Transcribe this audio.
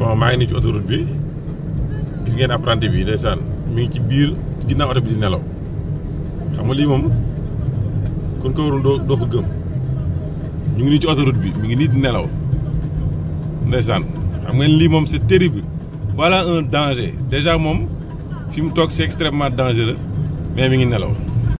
bon maa ngi nii ci autoroute bi gis ngeen apprenti bi ndeysaan mi ngi ci biir ginnaaw oto bi di nelaw xam nga lii moom kon ko waroon doo doo ko gëm ñu ngi nii ci autoroute bi mi ngi nii di nelaw ndeysaan xam ngeen lii moom c'est terrible voilà un danger déjà moom fi mu toog c'est extrêmement la mais mi ngi nelaw